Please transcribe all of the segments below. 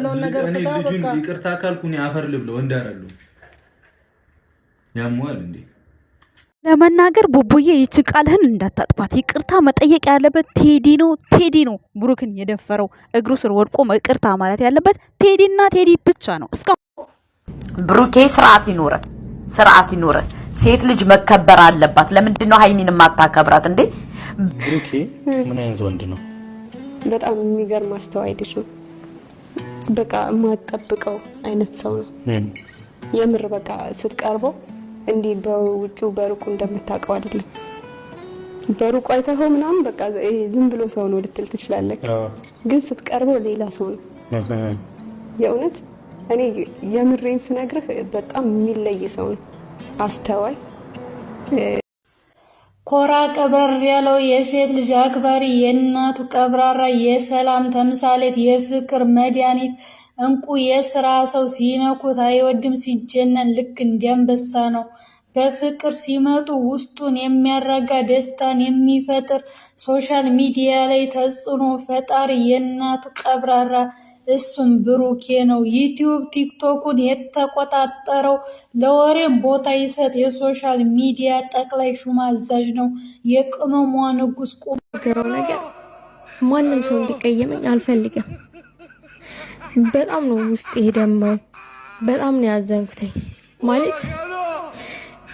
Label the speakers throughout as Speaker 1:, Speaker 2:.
Speaker 1: ያለውን ነገር ፍታ። በቃ ይቅርታ ካልኩ አፈር ልብለው እንዳረሉ ያሟል እንዴ
Speaker 2: ለመናገር ቡቡዬ ይቺ ቃልህን እንዳታጥፋት። ይቅርታ መጠየቅ ያለበት ቴዲ ነው። ቴዲ ነው ብሩክን የደፈረው እግሩ ስር ወድቆ ይቅርታ ማለት ያለበት ቴዲና ቴዲ ብቻ ነው። እስከ
Speaker 3: ብሩኬ ስርዓት ይኖረ ስርዓት ይኖረ። ሴት ልጅ መከበር አለባት። ለምንድን ነው ሀይሚን ማታከብራት እንዴ?
Speaker 1: ብሩኬ ምን አይነት ወንድ ነው?
Speaker 4: በጣም የሚገርም አስተዋይ ልጅ ነው። በቃ የማጠብቀው አይነት ሰው ነው። የምር በቃ ስትቀርበው እንዲህ በውጩ በሩቁ እንደምታውቀው አይደለም። በሩቁ አይተኸው ምናምን በቃ ዝም ብሎ ሰው ነው ልትል ትችላለህ፣ ግን ስትቀርበው ሌላ ሰው ነው። የእውነት እኔ የምሬን ስነግርህ በጣም የሚለይ ሰው ነው። አስተዋይ
Speaker 5: ኮራ ቀበር ያለው የሴት ልጅ አክባሪ፣ የእናቱ ቀብራራ፣ የሰላም ተምሳሌት፣ የፍቅር መድኃኒት እንቁ፣ የስራ ሰው ሲነኩት አይወድም ሲጀነን፣ ልክ እንዲያንበሳ ነው። በፍቅር ሲመጡ ውስጡን የሚያረጋ ደስታን የሚፈጥር ሶሻል ሚዲያ ላይ ተጽዕኖ ፈጣሪ የእናቱ ቀብራራ እሱም ብሩኬ ነው። ዩቲዩብ ቲክቶኩን የተቆጣጠረው ለወሬም ቦታ ይሰጥ የሶሻል ሚዲያ ጠቅላይ ሹም አዛዥ ነው። የቅመሟ ንጉስ ቁም
Speaker 4: ነገር ማንም ሰው እንዲቀየመኝ አልፈልግም። በጣም ነው ውስጥ የደማው። በጣም ነው ያዘንኩትኝ። ማለት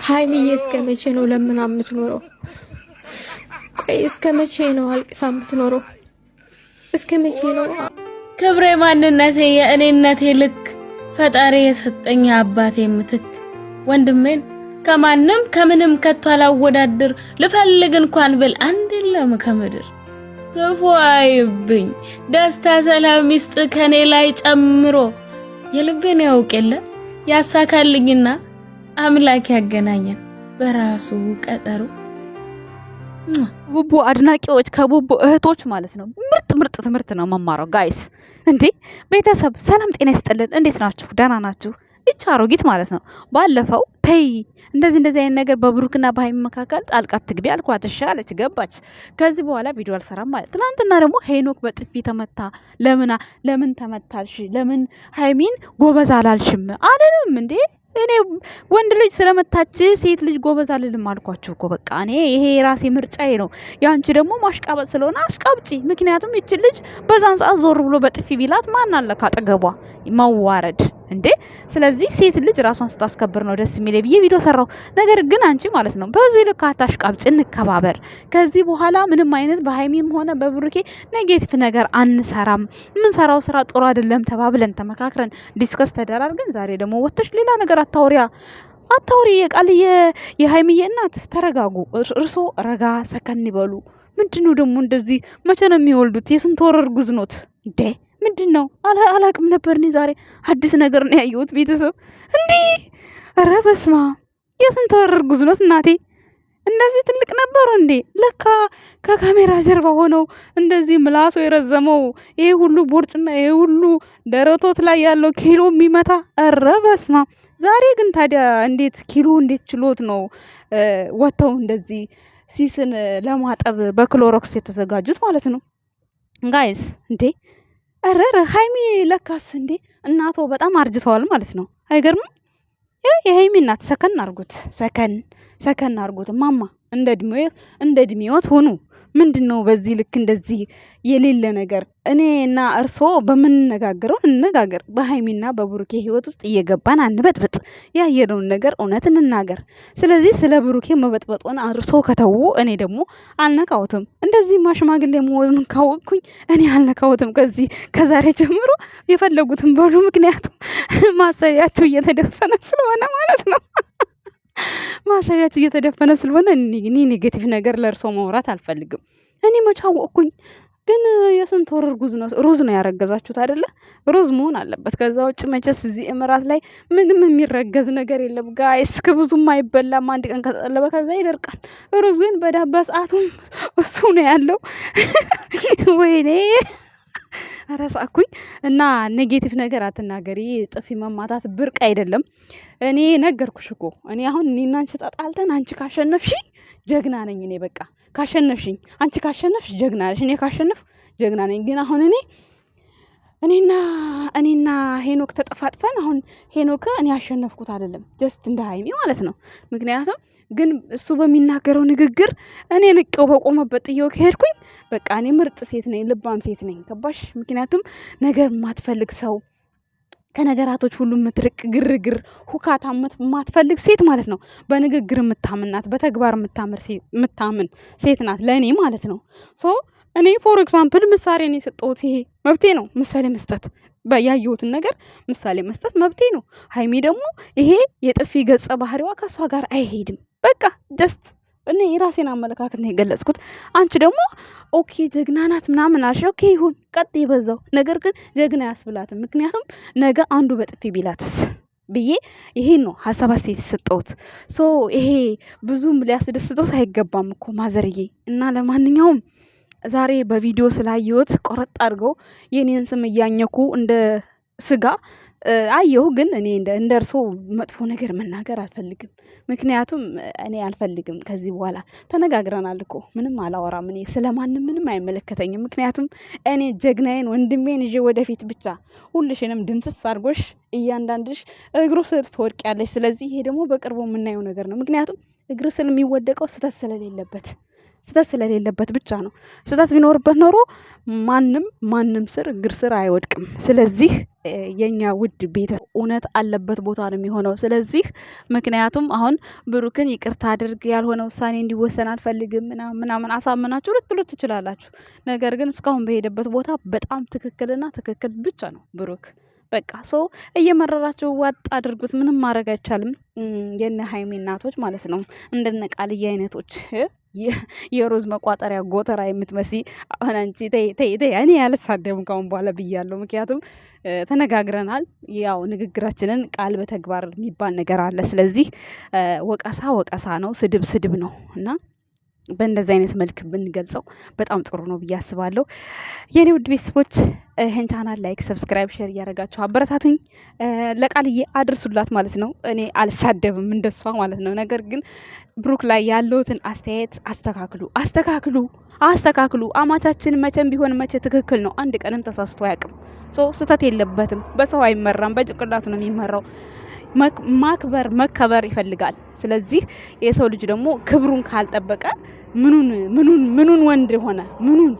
Speaker 4: ሀይሚዬ እስከ መቼ ነው ለምን የምትኖረው? ቆይ እስከ መቼ ነው አልቅሳ የምትኖረው? እስከ መቼ ነው
Speaker 5: ክብሬ፣ ማንነቴ፣ የእኔነቴ ልክ ፈጣሪ የሰጠኝ አባቴ ምትክ ወንድሜን ከማንም ከምንም ከቶ አላወዳድር ልፈልግ እንኳን ብል አንድ የለም ከምድር ክፉ አይብኝ ደስታ ሰላም ይስጥ ከኔ ላይ ጨምሮ የልቤን ያውቅ የለ ያሳካልኝና አምላክ ያገናኘን በራሱ ቀጠሩ
Speaker 2: ቡቡ አድናቂዎች ከቡቡ እህቶች ማለት ነው። ምርጥ ትምህርት ነው መማረው። ጋይስ እንዴ ቤተሰብ ሰላም ጤና ይስጥልን። እንዴት ናችሁ? ደህና ናችሁ? ይቻ አሮጊት ማለት ነው። ባለፈው ተይ እንደዚህ እንደዚህ አይነት ነገር በብሩክና በሀይሚ መካከል ጣልቃ ትግቢ አልኳት። እሺ አለች፣ ገባች። ከዚህ በኋላ ቪዲዮ አልሰራም ማለት። ትናንትና ደግሞ ሄኖክ በጥፊ ተመታ። ለምን ለምን ተመታልሽ? ለምን ሀይሚን ጎበዝ አላልሽም? አለንም እንዴ እኔ ወንድ ልጅ ስለመታች ሴት ልጅ ጎበዝ አልልም አልኳችሁ እኮ በቃ እኔ ይሄ የራሴ ምርጫዬ ነው። ያንቺ ደግሞ ማሽቃበጥ ስለሆነ አሽቃብጪ። ምክንያቱም ይቺ ልጅ በዛን ሰዓት ዞር ብሎ በጥፊ ቢላት ማን አለ ካጠገቧ መዋረድ እንዴ ስለዚህ ሴት ልጅ ራሷን ስታስከብር ነው ደስ የሚል ብዬ ቪዲዮ ሰራው። ነገር ግን አንቺ ማለት ነው በዚህ ልክ አታሽቃብጭ፣ እንከባበር። ከዚህ በኋላ ምንም አይነት በሀይሚም ሆነ በብሩኬ ኔጌቲቭ ነገር አንሰራም። የምንሰራው ስራ ጥሩ አይደለም ተባብለን ተመካክረን ዲስከስ ተደራርገን፣ ዛሬ ደግሞ ወጥተሽ ሌላ ነገር አታወሪያ አታወሪ። የቃል የሀይሚዬ እናት ተረጋጉ፣ እርሶ ረጋ ሰከን ይበሉ። ምንድን ነው ደግሞ እንደዚህ? መቼ ነው የሚወልዱት? የስንት ወር እርጉዝ ኖት እንዴ? ምንድን ነው አላቅም ነበር። እኔ ዛሬ አዲስ ነገር ነው ያየሁት። ቤተሰብ እንዲህ ኧረ በስመ አብ! የስንት ወር እርጉዝ ናት እናቴ? እንደዚህ ትልቅ ነበሩ እንዴ? ለካ ከካሜራ ጀርባ ሆነው እንደዚህ ምላሶ የረዘመው ይሄ ሁሉ ቦርጭና ይሄ ሁሉ ደረቶት ላይ ያለው ኪሎ የሚመታ ኧረ በስመ አብ! ዛሬ ግን ታዲያ እንዴት ኪሎ እንዴት ችሎት ነው ወጥተው እንደዚህ ሲስን ለማጠብ በክሎሮክስ የተዘጋጁት ማለት ነው ጋይስ እንዴ ረረ ሀይሚ ለካስ እንዴ እናቶ በጣም አርጅተዋል ማለት ነው። አይገርምም? የሀይሚ እናት ሰከን አርጉት፣ ሰከን ሰከን አርጉት ማማ። እንደ እድሜዎት ሁኑ ምንድን ነው በዚህ ልክ እንደዚህ የሌለ ነገር? እኔና እርሶ በምንነጋገረው እንነጋገር። በሀይሚና በብሩኬ ህይወት ውስጥ እየገባን አንበጥበጥ። ያየነውን ነገር እውነት እንናገር። ስለዚህ ስለ ብሩኬ መበጥበጡን እርሶ ከተዉ፣ እኔ ደግሞ አልነካውትም። እንደዚህ ማሽማግሌ መሆኑን ካወቅኩኝ እኔ አልነካውትም። ከዚህ ከዛሬ ጀምሮ የፈለጉትን በሉ። ምክንያቱም ማሰሪያቸው እየተደፈነ ስለሆነ ማለት ነው። ማሰቢያቸው እየተደፈነ ስለሆነ እኔ ኔጌቲቭ ነገር ለእርሶ መውራት አልፈልግም። እኔ መቻወቅኩኝ ግን የስንት ወር ሩዝ ነው ሩዝ ነው ያረገዛችሁት አይደለ? ሩዝ መሆን አለበት። ከዛ ውጭ መቼስ እዚህ እምራት ላይ ምንም የሚረገዝ ነገር የለም ጋይስ። ከብዙም አይበላም፣ አንድ ቀን ከተጠለበ ከዛ ይደርቃል። ሩዝ ግን በዳባ ሰዓቱም እሱ ነው ያለው። ወይኔ ረሳኩኝ። እና ኔጌቲቭ ነገር አትናገሪ። ጥፊ መማታት ብርቅ አይደለም። እኔ ነገርኩሽ እኮ እኔ አሁን እኔና አንቺ ተጣልተን አንቺ ካሸነፍሽኝ ጀግና ነኝ። እኔ በቃ ካሸነፍሽኝ፣ አንቺ ካሸነፍሽ ጀግና ነሽ፣ እኔ ካሸነፍ ጀግና ነኝ። ግን አሁን እኔ እኔና እኔና ሄኖክ ተጠፋጥፈን አሁን ሄኖክ እኔ ያሸነፍኩት አይደለም፣ ጀስት እንደ ሀይሜ ማለት ነው ምክንያቱም ግን እሱ በሚናገረው ንግግር እኔ ንቄው በቆመበት ጥዬው ከሄድኩኝ በቃ እኔ ምርጥ ሴት ነኝ፣ ልባም ሴት ነኝ። ገባሽ? ምክንያቱም ነገር የማትፈልግ ሰው ከነገራቶች ሁሉ የምትርቅ ግርግር፣ ሁካታ የማትፈልግ ሴት ማለት ነው። በንግግር የምታምናት በተግባር የምታምን ሴት ናት ለእኔ ማለት ነው። ሶ እኔ ፎር ኤግዛምፕል ነው የሰጠሁት ይሄ መብቴ ነው። ምሳሌ መስጠት ያየሁትን ነገር ምሳሌ መስጠት መብቴ ነው። ሀይሚ ደግሞ ይሄ የጥፊ ገጸ ባህሪዋ ከእሷ ጋር አይሄድም። በቃ ደስት እኔ የራሴን አመለካከት ነው የገለጽኩት። አንቺ ደግሞ ኦኬ ጀግና ናት ምናምን አልሽ። ኦኬ ይሁን ቀጥ የበዛው ነገር ግን ጀግና ያስብላትም። ምክንያቱም ነገ አንዱ በጥፊ ቢላትስ ብዬ ይሄን ነው ሀሳብ አስተያየት የሰጠሁት። ሶ ይሄ ብዙም ሊያስደስቶት አይገባም እኮ ማዘርዬ። እና ለማንኛውም ዛሬ በቪዲዮ ስላየሁት ቆረጥ አድርገው የኔን ስም እያኘኩ እንደ ስጋ አየሁ። ግን እኔ እንደ እርሶ መጥፎ ነገር መናገር አልፈልግም። ምክንያቱም እኔ አልፈልግም። ከዚህ በኋላ ተነጋግረናል እኮ ምንም አላወራም። እኔ ስለማንም ምንም አይመለከተኝም። ምክንያቱም እኔ ጀግናዬን ወንድሜን ይዤ ወደፊት ብቻ ሁልሽንም ድምስስ አድርጎሽ እያንዳንድሽ እግሩ ስር ትወድቂያለሽ። ስለዚህ ይሄ ደግሞ በቅርቡ የምናየው ነገር ነው። ምክንያቱም እግር ስር የሚወደቀው ስህተት ስለሌለበት ስህተት ስለሌለበት ብቻ ነው። ስህተት ቢኖርበት ኖሮ ማንም ማንም ስር እግር ስር አይወድቅም። ስለዚህ የኛ ውድ ቤተሰብ እውነት አለበት ቦታ ነው የሚሆነው። ስለዚህ ምክንያቱም አሁን ብሩክን ይቅርታ አድርግ ያልሆነ ውሳኔ እንዲወሰን አልፈልግም ምናምን አሳምናችሁ ልትሉት ትችላላችሁ። ነገር ግን እስካሁን በሄደበት ቦታ በጣም ትክክልና ትክክል ብቻ ነው ብሩክ። በቃ ሰው እየመረራቸው ዋጥ አድርጉት። ምንም ማድረግ አይቻልም። የነ ሀይሜ እናቶች ማለት ነው እንደነ ቃልዬ አይነቶች የሮዝ መቋጠሪያ ጎተራ የምትመስ አሁን አንቺ እኔ ያልሳደብም ካሁን በኋላ ብያለሁ። ምክንያቱም ተነጋግረናል። ያው ንግግራችንን ቃል በተግባር የሚባል ነገር አለ። ስለዚህ ወቀሳ ወቀሳ ነው፣ ስድብ ስድብ ነው እና በእንደዚህ አይነት መልክ ብንገልጸው በጣም ጥሩ ነው ብዬ አስባለሁ። የእኔ ውድ ቤተሰቦች ይህን ቻናል ላይክ፣ ሰብስክራይብ፣ ሼር እያደረጋችሁ አበረታቱኝ። ለቃልዬ አድርሱላት ማለት ነው። እኔ አልሳደብም እንደሷ ማለት ነው። ነገር ግን ብሩክ ላይ ያለውትን አስተያየት አስተካክሉ፣ አስተካክሉ፣ አስተካክሉ። አማቻችን መቼም ቢሆን መቼ ትክክል ነው። አንድ ቀንም ተሳስቶ አያውቅም። ስህተት የለበትም። በሰው አይመራም፣ በጭንቅላቱ ነው የሚመራው። ማክበር መከበር ይፈልጋል። ስለዚህ የሰው ልጅ ደግሞ ክብሩን ካልጠበቀ ምኑን ምኑን ምኑን ወንድ ሆነ ምኑን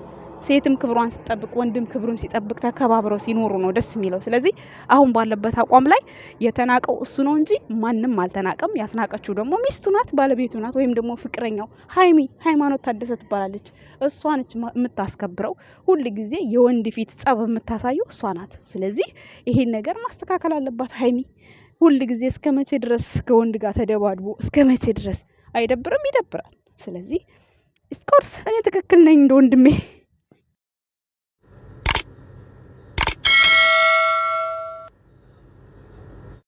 Speaker 2: ሴትም ክብሯን ስትጠብቅ ወንድም ክብሩን ሲጠብቅ ተከባብረው ሲኖሩ ነው ደስ የሚለው። ስለዚህ አሁን ባለበት አቋም ላይ የተናቀው እሱ ነው እንጂ ማንም አልተናቀም። ያስናቀችው ደግሞ ሚስቱ ናት፣ ባለቤቱ ናት፣ ወይም ደግሞ ፍቅረኛው ሀይሚ ሃይማኖት ታደሰ ትባላለች። እሷ ነች የምታስከብረው። ሁል ጊዜ የወንድ ፊት ጸብ የምታሳየው እሷ ናት። ስለዚህ ይሄን ነገር ማስተካከል አለባት ሀይሚ ሁል ጊዜ እስከ መቼ ድረስ ከወንድ ጋር ተደባድቦ እስከ መቼ ድረስ አይደብርም? ይደብራል። ስለዚህ ስኮርስ እኔ ትክክል ነኝ እንደ ወንድሜ